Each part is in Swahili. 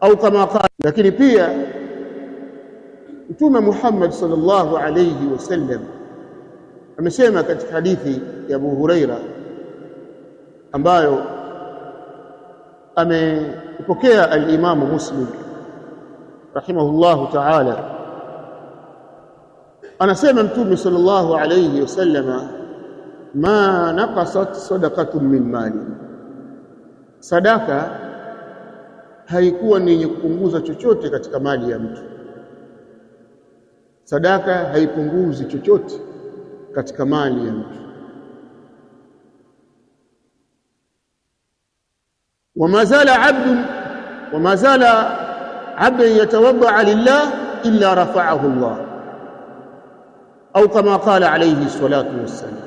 au kama qala. Lakini pia Mtume Muhammad sallallahu alayhi wasallam amesema katika hadithi ya Abu Huraira ambayo amepokea al-Imamu Muslim rahimahullahu ta'ala, anasema Mtume sallallahu alayhi wasallama ma naqasat sadaqatun min mali, sadaka haikuwa ni yenye kupunguza chochote katika mali ya mtu. Sadaka haipunguzi chochote katika mali ya mtu. wamazala abdu wamazala abdan yatawaddaa lillah illa rafaahu llah au kama qala alayhi salatu wassalam,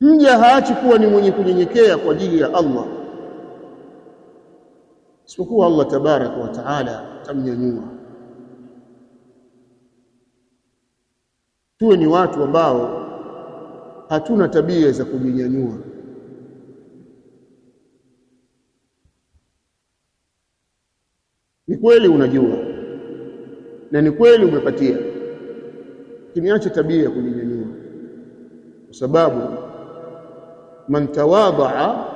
mja haachi kuwa ni mwenye kunyenyekea kwa ajili ya Allah isipokuwa Allah tabaraka wa taala kamnyanyua. tuwe ni watu ambao hatuna tabia za kujinyanyua ni kweli unajua na ni kweli umepatia kimeacha tabia ya kujinyanyua kwa sababu man tawadaa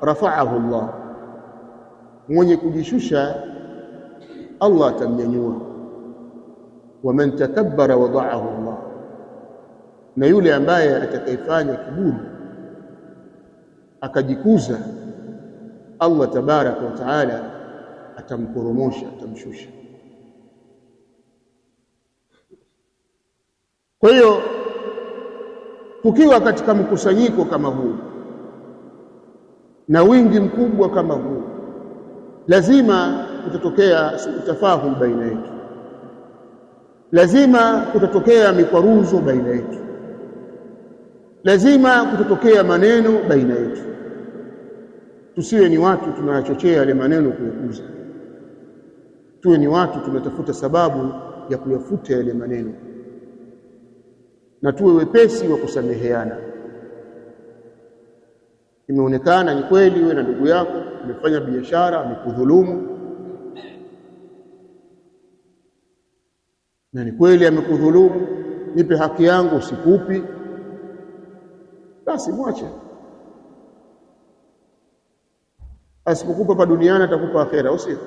rafa'ahu Allah mwenye kujishusha Allah atamnyanyua man tatabbara wadaahu Allah na yule ambaye atakayefanya kiburi akajikuza Allah tabaraka wa taala atamkoromosha atamshusha kwa hiyo tukiwa katika mkusanyiko kama huu na wingi mkubwa kama huu lazima kutatokea tafahum baina yetu, lazima kutatokea mikwaruzo baina yetu, lazima kutatokea maneno baina yetu. Tusiwe ni watu tunayachochea yale maneno kuyakuza, tuwe ni watu tunatafuta sababu ya kuyafuta yale maneno, na tuwe wepesi wa kusameheana. Imeonekana ni kweli, wewe na ndugu yako amefanya biashara, amekudhulumu. Na ni kweli amekudhulumu, nipe haki yangu, sikupi basi mwache. Asipokupa hapa duniani atakupa akhera, usio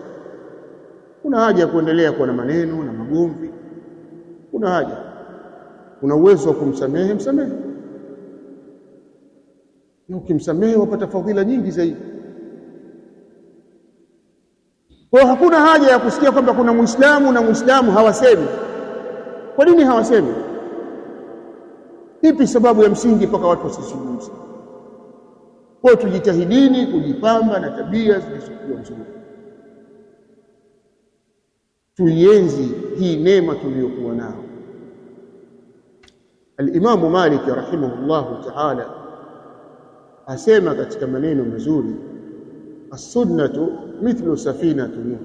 kuna haja ya kuendelea kuwa na maneno na magomvi. Kuna haja, kuna uwezo wa kumsamehe, msamehe na ukimsamehe wapata fadhila nyingi zaidi. Kwa hakuna haja ya kusikia kwamba kuna mwislamu na mwislamu hawasemi. Kwa nini hawasemi? Ipi sababu ya msingi mpaka watu wasizungumze? Kwa tujitahidini kujipamba na tabia zilizokuwa nzuri, tuienzi hii neema tuliyokuwa nayo. Alimamu Malik rahimahullahu taala asema katika maneno mazuri as mithlu safinatu Nuh,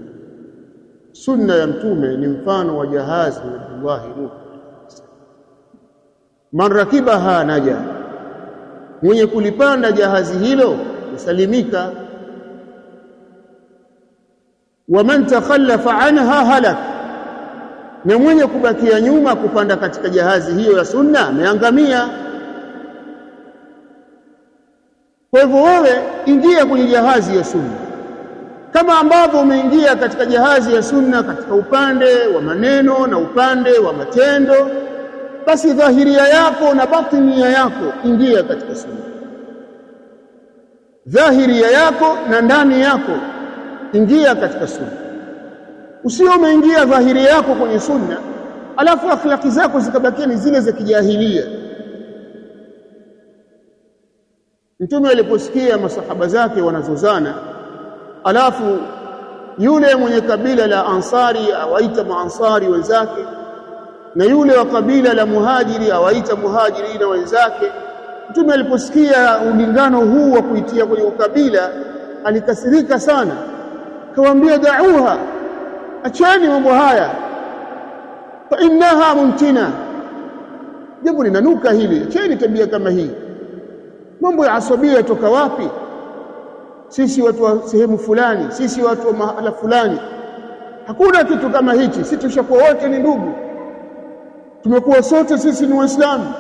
sunna ya mtume ni mfano wa jahazi Nabiullahi Nuh. Man rakibaha naja, mwenye kulipanda jahazi hilo kusalimika. Wa man takhallafa anha halak, na mwenye kubakia nyuma kupanda katika jahazi hiyo ya sunna ameangamia. Kwa hivyo wewe ingia kwenye jahazi ya sunna, kama ambavyo umeingia katika jahazi ya sunna katika upande wa maneno na upande wa matendo, basi dhahiria yako na batinia yako ingia katika sunna. Dhahiria yako na ndani yako ingia katika sunna. Usio umeingia dhahiri yako kwenye sunna alafu akhlaki zako zikabakia ni zile za kijahilia Mtume aliposikia masahaba zake wanazozana, alafu yule mwenye kabila la Ansari awaita maansari wenzake na yule wa kabila la Muhajiri awaita muhajiri na wenzake. Mtume aliposikia ulingano huu wa kuitia kwenye ukabila alikasirika sana, kawaambia dauha, acheni mambo haya, fa innaha muntina, jambo linanuka hili, acheni tabia kama hii. Mambo ya asabia yatoka wapi? Sisi watu wa sehemu fulani, sisi watu wa mahala fulani. Hakuna kitu kama hichi. Sisi tushakuwa wote ni ndugu, tumekuwa sote sisi ni Waislamu,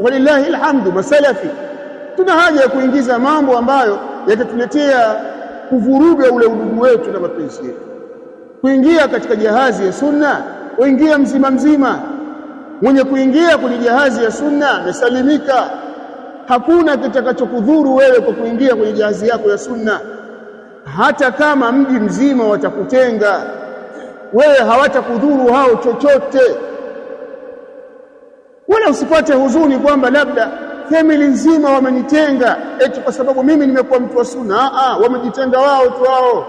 walillahi alhamdu masalafi. Tuna haja ya kuingiza mambo ambayo yatatuletea kuvuruga ule udugu wetu na mapenzi yetu. Kuingia katika jahazi ya sunna, waingia mzima mzima. Mwenye kuingia kwenye jahazi ya sunna amesalimika hakuna kitakachokudhuru wewe kwa kuingia kwenye jahazi yako ya sunna, hata kama mji mzima watakutenga wewe, hawatakudhuru hao chochote, wala usipate huzuni kwamba labda family nzima wamenitenga eti kwa sababu mimi nimekuwa mtu wa sunna. Ah, wamejitenga wao tu wao.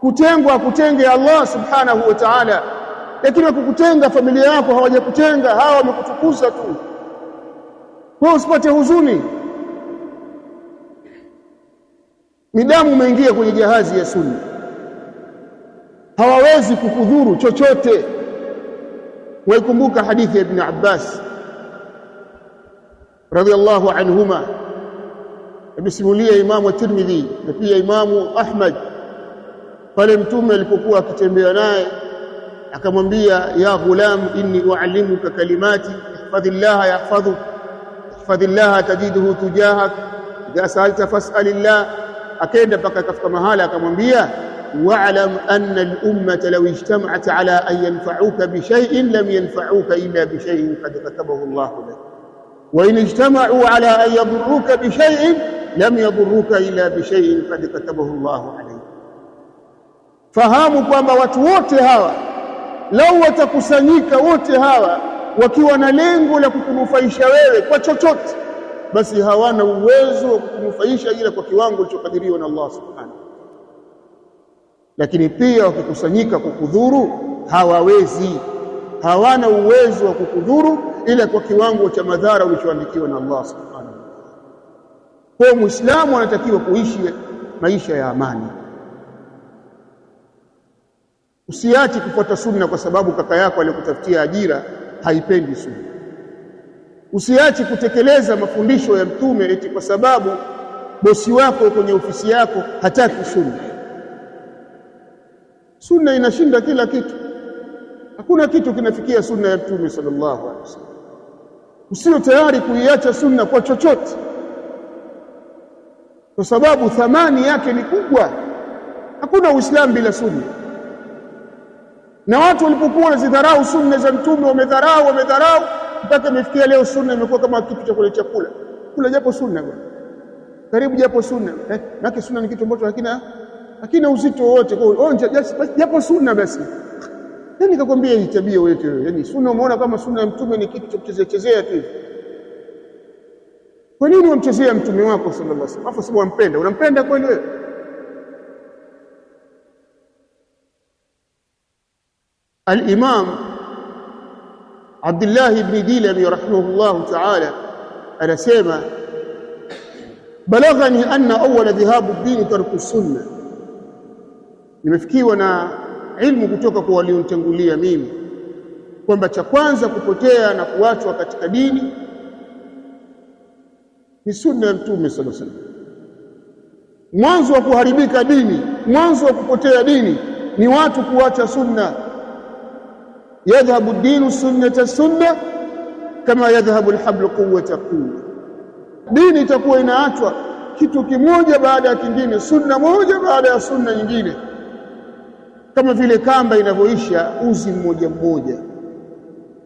Kutengwa kutenge Allah subhanahu wa ta'ala, lakini wakukutenga familia yako hawajakutenga, hawa wamekutukuza tu wewe usipate huzuni. Ni damu umeingia kwenye jahazi ya Sunna, hawawezi kukudhuru chochote. Waikumbuka hadithi ya Ibn Abbas radhiyallahu anhuma, amesimulia Imamu wa Tirmidhi na pia Imamu Ahmad, pale Mtume alipokuwa akitembea naye akamwambia, ya ghulam inni uallimuka kalimati ihfadhillaha yahfadhuk Hifadhi llaha tajiduhu tujahak, idha saalta fasal llah. Akaenda mpaka katika mahala akamwambia, waalam anna alummata law ijtamaat ala an yanfauka bishaiin lam yanfauka illa bishaiin qad katabahu llahu lak wain ijtamacuu ala an yaduruka bishaiin lam yaduruka illa bishaiin qad katabahu llahu alaik. Fahamu kwamba watu wote hawa lau watakusanyika wote hawa wakiwa na lengo la kukunufaisha wewe kwa chochote, basi hawana uwezo wa kukunufaisha ila kwa kiwango kilichokadiriwa na Allah subhanahu. Lakini pia wakikusanyika kukudhuru hawawezi, hawana uwezo wa kukudhuru ila kwa kiwango cha madhara ulichoandikiwa na Allah subhanahu. Kwa Muislamu anatakiwa kuishi maisha ya amani. Usiache kufuata sunna kwa sababu kaka yako alikutafutia ajira haipendi sunna. Usiache kutekeleza mafundisho ya Mtume eti kwa sababu bosi wako kwenye ofisi yako hataki sunna. Sunna inashinda kila kitu, hakuna kitu kinafikia sunna ya Mtume sallallahu alaihi wasallam. usio tayari kuiacha sunna kwa chochote, kwa sababu thamani yake ni kubwa. Hakuna Uislamu bila sunna na watu walipokuwa wanazidharau sunna za Mtume, wamedharau wamedharau, mpaka imefikia leo sunna imekuwa kama kitu cha kula chakula. Kula japo sunna bwana, karibu japo sunna eh, maana sunna ni kitu ambacho hakina hakina uzito onja japo sunna basi. yani nikakwambia hii tabia yote wewe? Yaani sunna umeona kama sunna ya Mtume ni kitu cha kuchezea chezea tu. Kwa nini wamchezea mtume wako sallallahu alaihi wasallam? Afu sio wampenda, unampenda kweli wewe? الله بن Abdullah ibn Dilami rahimahullahu ta'ala anasema balaghani anna awwala dhahabu dini tarku sunna, nimefikiwa na ilmu kutoka kwa walionitangulia mimi kwamba cha kwanza kupotea na kuachwa katika dini ni sunna ya Mtume sallallahu alaihi wasallam. Mwanzo wa kuharibika dini, mwanzo wa kupotea dini ni watu kuacha sunna yadhhabu dinu sunnata sunna kama yadhhabu alhablu quwwata quwwa, dini itakuwa inaachwa kitu kimoja baada ya kingine, sunna moja baada ya sunna nyingine, kama vile kamba inavyoisha uzi mmoja mmoja,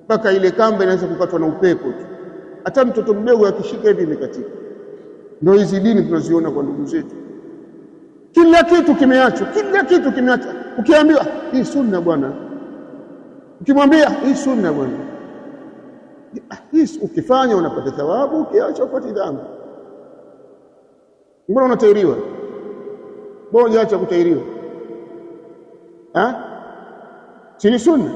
mpaka ile kamba inaweza kukatwa na upepo tu, hata mtoto mdogo akishika hivi imekatika. Ndio hizi dini tunaziona kwa ndugu zetu, kila kitu kimeachwa, kila kitu kimeachwa. Ukiambiwa hii sunna bwana Ukimwambia hii sunna bwana, hii ukifanya unapata thawabu, ukiacha upati dhambi. Mbona unatairiwa? Mbona unaacha kutairiwa? Si ni sunna?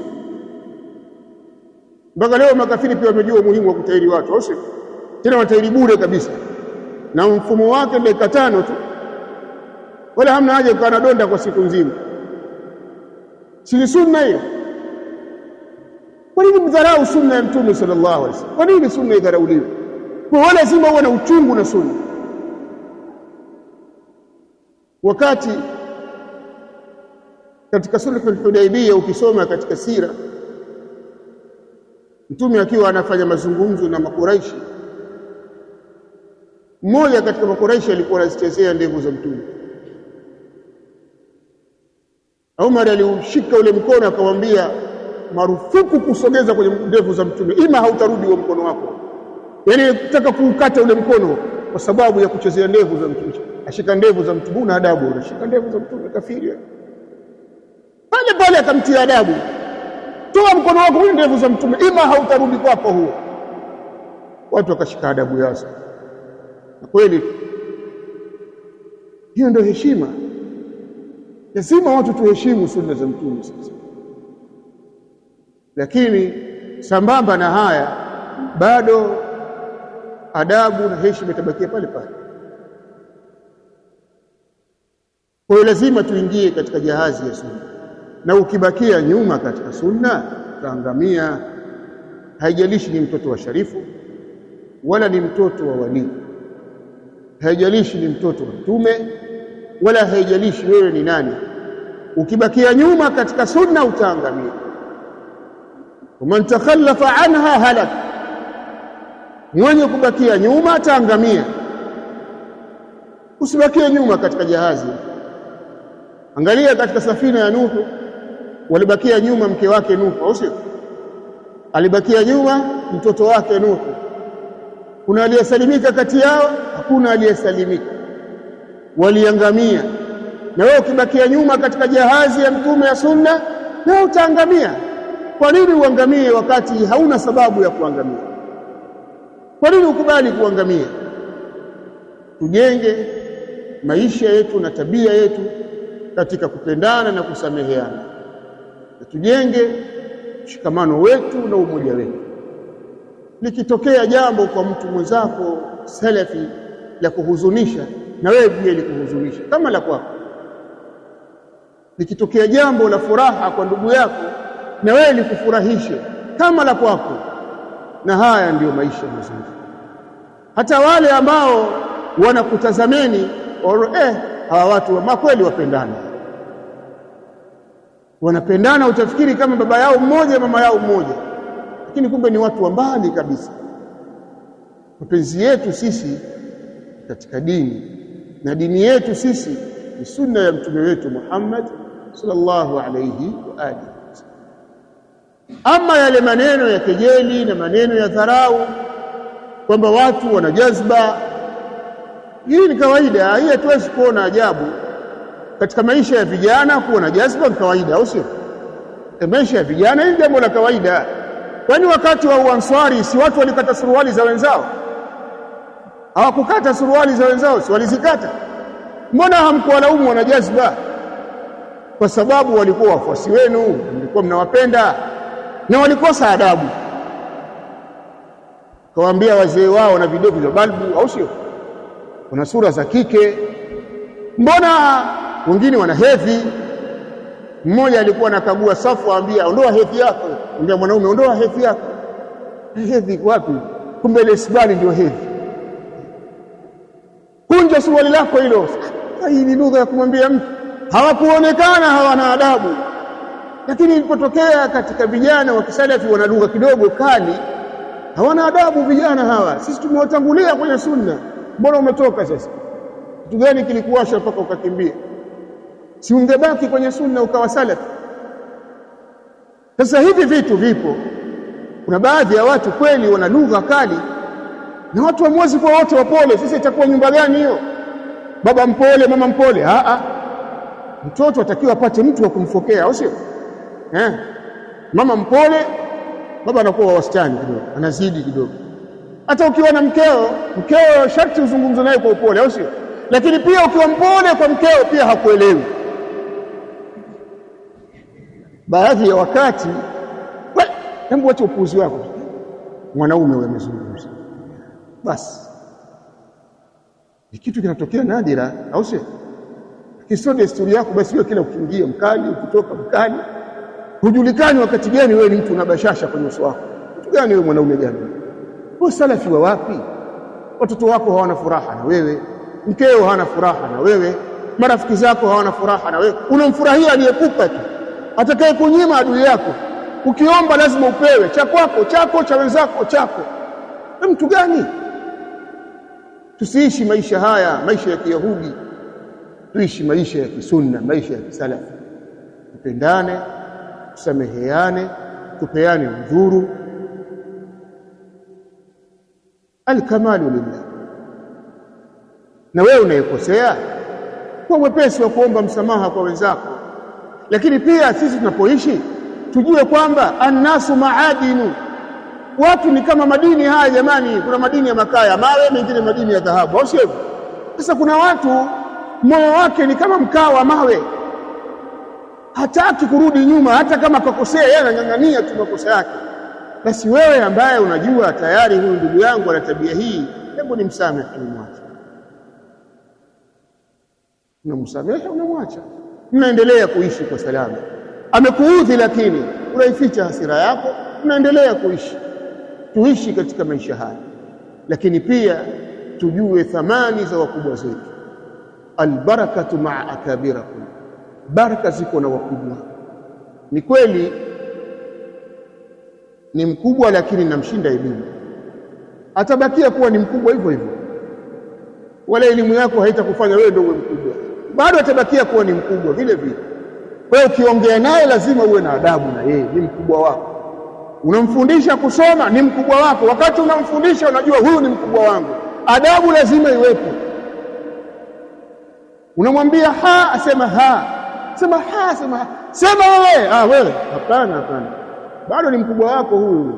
Mpaka leo makafiri pia wamejua umuhimu wa kutairi watu, au sio? Tena watairi bure kabisa, na mfumo wake dakika tano tu, wala hamna haja kukaa na donda kwa siku nzima. Si ni sunna hiyo? Kwa nini mdharau sunna ya Mtume sallallahu alaihi wasallam? Kwa nini sunna idharauliwe? Kwa lazima uwe na uchungu na sunna. Wakati katika al-Hudaybiyah, ukisoma katika sira, Mtume akiwa anafanya mazungumzo na Makuraishi, mmoja katika Makuraishi alikuwa anazichezea ndevu za Mtume. Umar aliushika ule mkono akamwambia marufuku kusogeza kwenye ndevu za Mtume, ima hautarudi wa mkono wako, yaani nataka kuukata ule mkono kwa sababu ya kuchezea ndevu za Mtume. Ashika ndevu za Mtume, una adabu? Unashika ndevu za Mtume, kafiri pale pale, akamtia adabu. Toa mkono wako kwenye ndevu za Mtume, ima hautarudi kwako huo. Watu wakashika adabu yazo, na kweli hiyo ndio heshima. Lazima watu tuheshimu sunna za Mtume sasa lakini sambamba na haya, bado adabu na heshima itabakia pale pale. Kwa hiyo lazima tuingie katika jahazi ya sunna, na ukibakia nyuma katika sunna utaangamia. Haijalishi ni mtoto wa sharifu wala ni mtoto wa walii, haijalishi ni mtoto wa Mtume wala haijalishi wewe ni nani, ukibakia nyuma katika sunna utaangamia waman takhallafa anha halak, mwenye kubakia nyuma ataangamia. Usibakie nyuma katika jahazi. Angalia katika safina ya Nuhu, walibakia nyuma mke wake Nuhu, au sio? Alibakia nyuma mtoto wake Nuhu. Kuna aliyesalimika kati yao? Hakuna aliyesalimika, waliangamia. Na wewe ukibakia nyuma katika jahazi ya mtume ya sunna, na utaangamia. Kwa nini uangamie wakati hauna sababu ya kuangamia? Kwa nini ukubali kuangamia? Tujenge maisha yetu na tabia yetu katika kupendana na kusameheana, na tujenge mshikamano wetu na umoja wetu. Likitokea jambo kwa mtu mwenzako salafi la kuhuzunisha, na wewe pia likuhuzunisha kama la kwako. Likitokea jambo la furaha kwa ndugu yako na wewe likufurahishe kama la kwako. Na haya ndiyo maisha mazuri. Hata wale ambao wanakutazameni eh, hawa watu wa makweli wapendana, wanapendana, utafikiri kama baba yao mmoja mama yao mmoja, lakini kumbe ni watu wa mbali kabisa. Mapenzi yetu sisi katika dini na dini yetu sisi ni sunna ya mtume wetu Muhammad sallallahu alayhi wa alihi ama yale maneno ya kejeli na maneno ya dharau kwamba watu wana jazba, hii ni kawaida, hii hatuwezi kuona ajabu katika maisha ya vijana. Kuwa na jazba ni kawaida, au sio? Maisha ya vijana hii ni jambo la kawaida. Kwani wakati wa Uanswari si watu walikata suruali za wenzao? Hawakukata suruali za wenzao? si walizikata? Mbona hamkuwalaumu wana jazba? Kwa sababu walikuwa wafuasi wenu, mlikuwa mnawapenda na walikosa adabu, kawaambia wazee wao na vidogo vya balbu, au sio? Wana sura za kike, mbona wengine wana hedhi? Mmoja alikuwa anakagua safu, aambia ondoa hedhi yako, ambia mwanaume ondoa hedhi yako. Hedhi wapi? Kumbe sibali ndio hedhi. Kunja suruali lako hilo. Hii ni lugha ya kumwambia mtu, hawakuonekana hawana adabu. Lakini ilipotokea katika vijana wa kisalafi wana lugha kidogo kali, hawana adabu vijana hawa. Sisi tumewatangulia kwenye sunna, mbona umetoka sasa? Kitu gani kilikuwasha mpaka ukakimbia? Si ungebaki kwenye sunna ukawa salafi? Sasa hivi vitu vipo. Kuna baadhi ya watu kweli wana lugha kali, na watu wamwezi kuwa wote wapole. Sasa itakuwa nyumba gani hiyo? Baba mpole, mama mpole? Aa, mtoto atakiwa apate mtu wa kumfokea, au sio? eh, mama mpole, baba anakuwa wa wastani kidogo, anazidi kidogo. Hata ukiwa na mkeo, mkeo sharti uzungumze naye kwa upole, au sio? Lakini pia ukiwa mpole kwa mkeo, pia hakuelewi baadhi ya wakati. Hebu wacha upuuzi wako, mwanaume wewe, amezungumza basi. Ni kitu kinatokea nadira, au sio? Lakini desturi yako, basi hiyo, kila ukiingia mkali, ukitoka mkali Hujulikani wakati gani wewe ni mtu na bashasha kwenye uso wako. Mtu gani wewe, mwanaume gani? Wewe salafi wa wapi? Watoto wako hawana furaha na wewe, mkeo hawana furaha na wewe, marafiki zako hawana furaha na wewe. Unamfurahia aliyekupa tu, atakaye kunyima adui yako. Ukiomba lazima upewe, cha kwako, chako, cha wenzako, chako. Mtu gani? Tusiishi maisha haya, maisha ya Kiyahudi, tuishi maisha ya Kisunna, maisha ya Kisalafi, tupendane tusameheane, tupeane udhuru. Alkamalu lillah. Na wewe unayekosea kwa wepesi wa kuomba msamaha kwa wenzako, lakini pia sisi tunapoishi tujue kwamba annasu maadinu, watu ni kama madini haya jamani. Kuna madini ya makaa ya mawe, mengine madini ya dhahabu, au sio? Sasa kuna watu moyo wake ni kama mkaa wa mawe hataki kurudi nyuma, hata kama kakosea yeye anang'ang'ania tu makosa yake. Basi wewe ambaye unajua tayari huyu ndugu yangu ana tabia hii, hebu nimsamehe, unamwacha, unamsamehe, unamwacha, mnaendelea kuishi kwa salama. Amekuudhi lakini unaificha hasira yako, unaendelea kuishi. Tuishi katika maisha haya, lakini pia tujue thamani za wakubwa zetu. Albarakatu maa akabirakum baraka ziko na wakubwa. Ni kweli ni mkubwa, lakini namshinda elimu, atabakia kuwa ni mkubwa hivyo hivyo, wala elimu yako haitakufanya wewe ndio uwe mkubwa, bado atabakia kuwa ni mkubwa vile vile. Kwa hiyo ukiongea naye lazima uwe na adabu, na yeye ni mkubwa wako. Unamfundisha kusoma, ni mkubwa wako. Wakati unamfundisha unajua huyu ni mkubwa wangu, adabu lazima iwepo. Unamwambia ha, asema ha sema ha, sema ha. Sema wewe ah, wewe hapana, hapana, bado ni mkubwa wako huyu.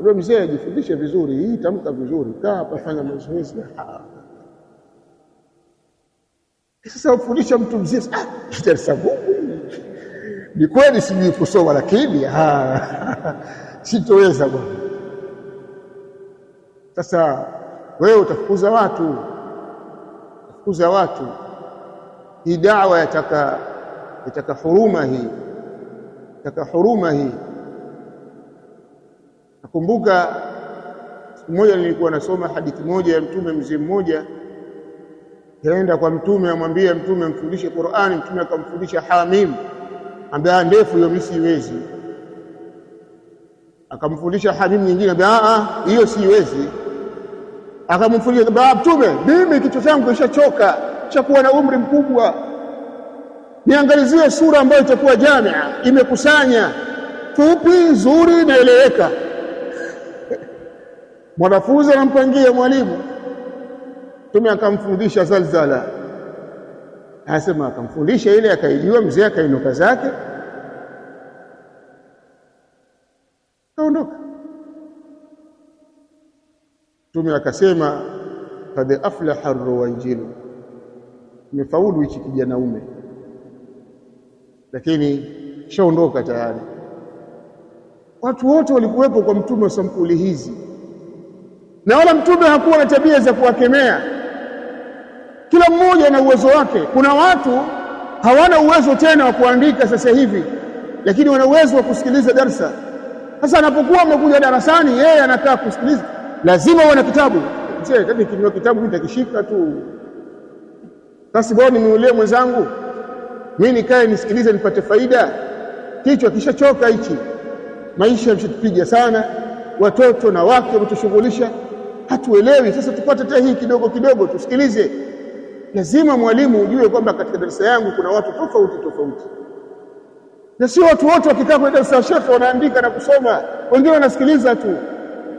Ndio mzee, ajifundishe vizuri, hii tamka vizuri, kaa hapa, fanya mazoezi. Ah. Sasa ufundisha mtu mzee ah, ni kweli, sijui kusoma lakini ah, sitoweza bwana. Sasa wewe utafukuza watu, kuza watu. Hii dawa yataka nitaka huruma hii nitaka huruma hii nakumbuka siku moja nilikuwa nasoma hadithi moja ya mtume mzee mmoja kaenda kwa mtume amwambia mtume amfundishe Qur'ani mtume akamfundisha Hamim ambaye ndefu hiyo mimi siwezi akamfundisha Hamim nyingine ambaye ah, ah, hiyo siwezi akamfundisha mtume mimi kichwa changu kishachoka kishakuwa na umri mkubwa niangalizie sura ambayo itakuwa jamia imekusanya fupi nzuri inaeleweka. Mwanafunzi anampangia mwalimu. Mtume akamfundisha zalzala, anasema akamfundisha ile, akaijua mzee, akainuka zake, kaondoka. Mtume akasema kad aflaha ruwanjilu, imefaulu hichi kijanaume lakini shaondoka tayari. Watu wote walikuwepo kwa mtume wa sampuli hizi, na wala mtume hakuwa na tabia za kuwakemea. Kila mmoja ana uwezo wake. Kuna watu hawana uwezo tena wa kuandika sasa hivi, lakini wana uwezo wa kusikiliza darsa. Sasa anapokuwa amekuja darasani, yeye anakaa kusikiliza, lazima wana kitabu kinua kitabu nitakishika tu basi, bora ninunulie mwenzangu mi nikae nisikilize nipate faida? Kichwa kishachoka hichi, maisha yameshatupiga sana, watoto na wake wametushughulisha, hatuelewi. Sasa tupate tena hii kidogo kidogo, tusikilize. Lazima mwalimu ujue kwamba katika darasa yangu kuna watu tofauti tofauti, na sio watu wote wakikaa kwenye darasa la wanaandika na kusoma. Wengine wanasikiliza tu,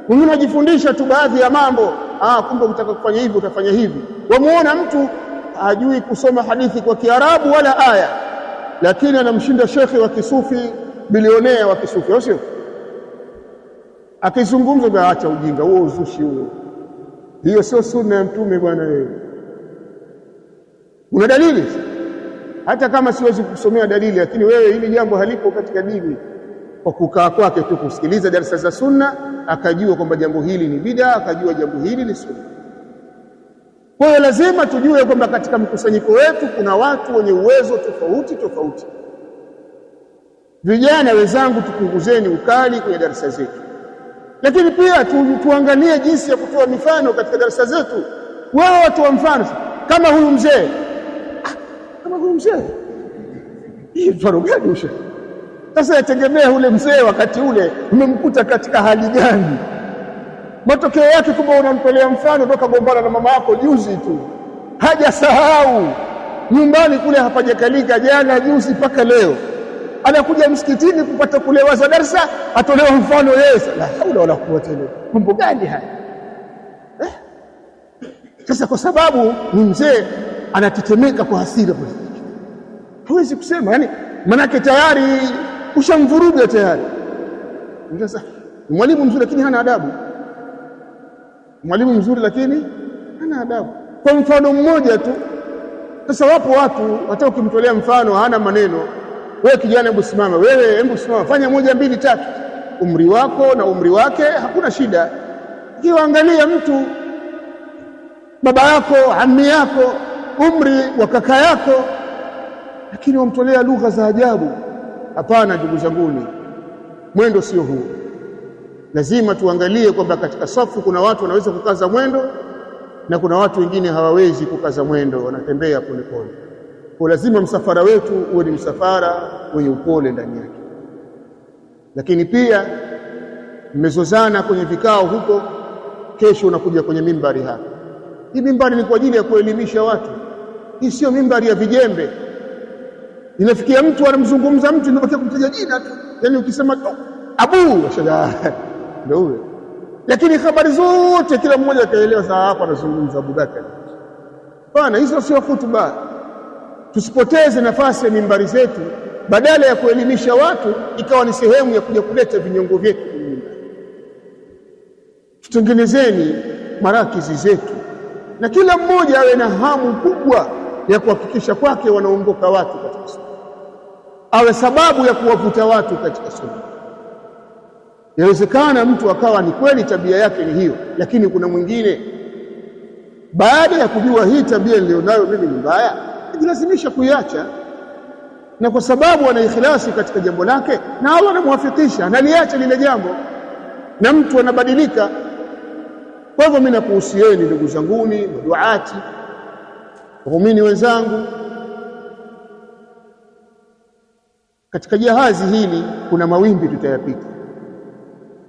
wengine wanajifundisha tu baadhi ya mambo. Ah, kumbe ukitaka kufanya hivi utafanya hivi. Wamuona mtu hajui kusoma hadithi kwa Kiarabu wala aya, lakini anamshinda shekhi wa kisufi, bilionea wa kisufi, au sio? Akizungumza kwa ujinga huo, uzushi huo, hiyo sio sunna ya Mtume bwana. Wewe una dalili, hata kama siwezi kusomea dalili, lakini wewe hili jambo halipo katika dini. Kwa kukaa kwake tu kusikiliza darasa za sunna, akajua kwamba jambo hili ni bid'a, akajua jambo hili ni sunna. Kwa hiyo lazima tujue kwamba katika mkusanyiko wetu kuna watu wenye uwezo tofauti tofauti. Vijana wenzangu, tupunguzeni ukali kwenye darasa zetu, lakini pia tu, tuangalie jinsi ya kutoa mifano katika darasa zetu. Wao wa mfano kama huyu mzee ah, kama huyu mzee hii mfano gani sasa, yategemea ule mzee wakati ule umemkuta katika hali gani? Matokeo yake kumbe unampelea mfano toka gombana na mama yako juzi tu, hajasahau nyumbani kule, hapajakalika jana juzi mpaka leo. Anakuja msikitini kupata kulewaza darsa, atolewa mfano yeye. La haula wala quwwata illa billah. Mambo gani haya eh? Sasa kwa sababu ni mzee, anatetemeka kwa hasira, hawezi kusema yani, manake tayari ushamvuruga tayari. Sasa mwalimu mzuri, lakini hana adabu mwalimu mzuri, lakini hana adabu. Kwa mfano mmoja tu. Sasa wapo watu hata ukimtolea mfano hana maneno. Wewe kijana, hebu simama, wewe hebu simama, fanya moja mbili tatu, umri wako na umri wake hakuna shida. Ukiwaangalia mtu baba yako, ami yako, umri wa kaka yako, lakini wamtolea lugha za ajabu. Hapana ndugu zanguni, mwendo sio huu. Lazima tuangalie kwamba katika safu kuna watu wanaweza kukaza mwendo na kuna watu wengine hawawezi kukaza mwendo, wanatembea polepole. Kwa lazima msafara wetu uwe ni msafara wenye upole ndani yake. Lakini pia mmezozana kwenye vikao huko, kesho unakuja kwenye mimbari hapa. Hii mimbari ni kwa ajili ya kuelimisha watu, hii sio mimbari ya vijembe. Inafikia mtu anamzungumza mtu, ndio kumtaja jina tu, yaani ukisema tu oh, abu ndio huyo. Lakini habari zote kila mmoja akaelewa, saa hapa anazungumza Abubakari. bana. hizo sio hutuba. Tusipoteze nafasi ya mimbari zetu, badala ya kuelimisha watu ikawa ni sehemu ya kuja kuleta vinyongo vyetu Tutengenezeni marakizi zetu, na kila mmoja awe na hamu kubwa ya kuhakikisha kwake wanaondoka watu katika sunna, awe sababu ya kuwavuta watu katika sunna. Inawezekana mtu akawa ni kweli tabia yake ni hiyo, lakini kuna mwingine baada ya kujua hii tabia niliyonayo mimi ni mbaya, najilazimisha kuiacha, na kwa sababu ana ikhlasi katika jambo lake na Allah anamwafikisha, analiacha lile jambo na mtu anabadilika. Kwa hivyo mimi nakuhusieni ndugu zanguni, maduati, waumini wenzangu, katika jahazi hili kuna mawimbi tutayapita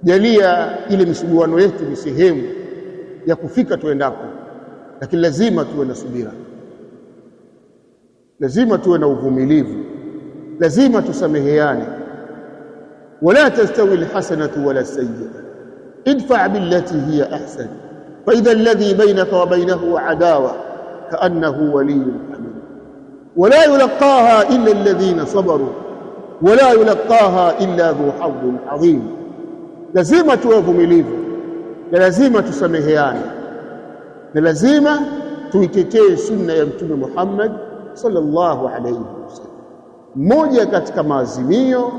jalia ile misuguano yetu ni sehemu ya kufika tuendako, lakini lazima tuwe na subira, lazima tuwe na uvumilivu, lazima tusameheane. wala tastawi lhasanatu wala sayyi'a idfa billati hiya ahsan fa idha alladhi bainaka wa bainahu adawa kaannahu waliyyun hamim wala yulaqaha illa alladhina sabaru wala yulaqaha illa dhu hadhin adhim lazima tuwe vumilivu na lazima tusameheane na lazima tuitetee sunna ya Mtume Muhammad sallallahu alayhi wasallam. Moja katika maazimio,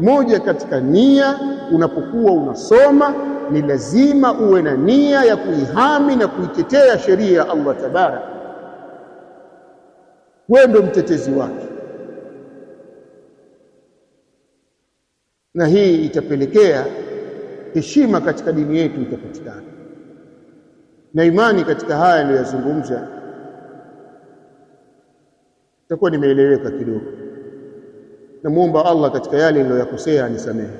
moja katika nia, unapokuwa unasoma ni lazima uwe na nia ya kuihami na kuitetea sheria ya Allah tabarak Wewe ndio mtetezi wake, na hii itapelekea heshima katika dini yetu itapatikana, na imani katika haya niliyozungumza itakuwa nimeeleweka kidogo. Namuomba Allah katika yale niliyokosea anisamehe,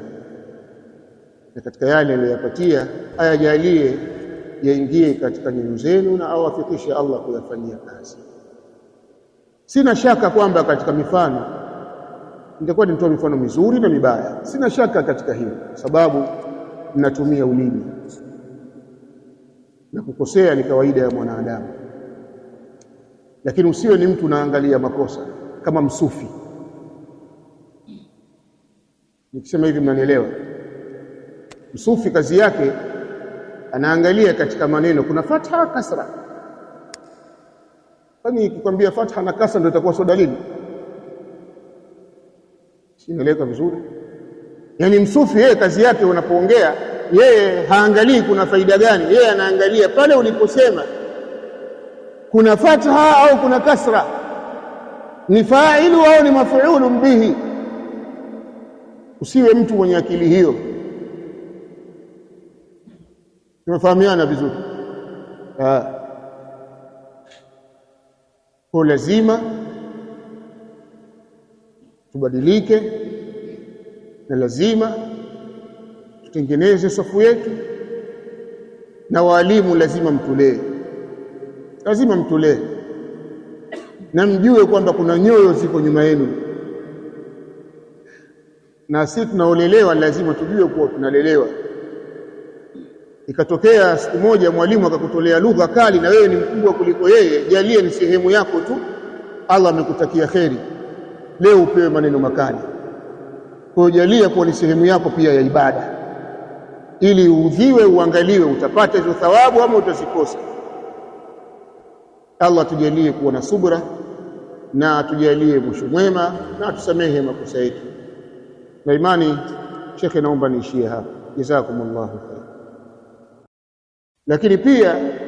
na katika yale niliyopatia ayajalie yaingie katika nyoyo zenu, na awafikishe Allah kuyafanyia kazi. Sina shaka kwamba katika mifano nitakuwa nitoa mifano mizuri na mibaya, sina shaka katika hilo, sababu mnatumia ulimi, na kukosea ni kawaida ya mwanadamu, lakini usiwe ni mtu unaangalia makosa kama msufi. Nikisema hivi mnanielewa? Msufi kazi yake anaangalia katika maneno kuna fatha kasra. Kwani kikwambia fatha na kasra ndio itakuwa sio dalili? Sieleweka vizuri yani msufi yeye kazi yake, unapoongea yeye haangalii kuna faida gani, yeye anaangalia pale uliposema kuna fatha au kuna kasra, ni failu au ni mafuulu bihi. Usiwe mtu mwenye akili hiyo. Tunafahamiana vizuri? Kwa lazima tubadilike na lazima tutengeneze safu yetu, na walimu lazima mtulee, lazima mtulee, na mjue kwamba kuna nyoyo ziko nyuma yenu, na sisi tunaolelewa lazima tujue kuwa tunalelewa. Ikatokea siku moja mwalimu akakutolea lugha kali, na wewe ni mkubwa kuliko yeye, jalie ni sehemu yako tu. Allah amekutakia kheri, leo upewe maneno makali kujalia kuwa ni sehemu yako pia ya ibada, ili uudhiwe, uangaliwe utapata hizo thawabu ama utazikosa. Allah tujalie kuwa na subra na tujalie mwisho mwema na tusamehe makosa yetu na imani. Shekhe, naomba niishie hapa, jazakumullahu khair. Lakini pia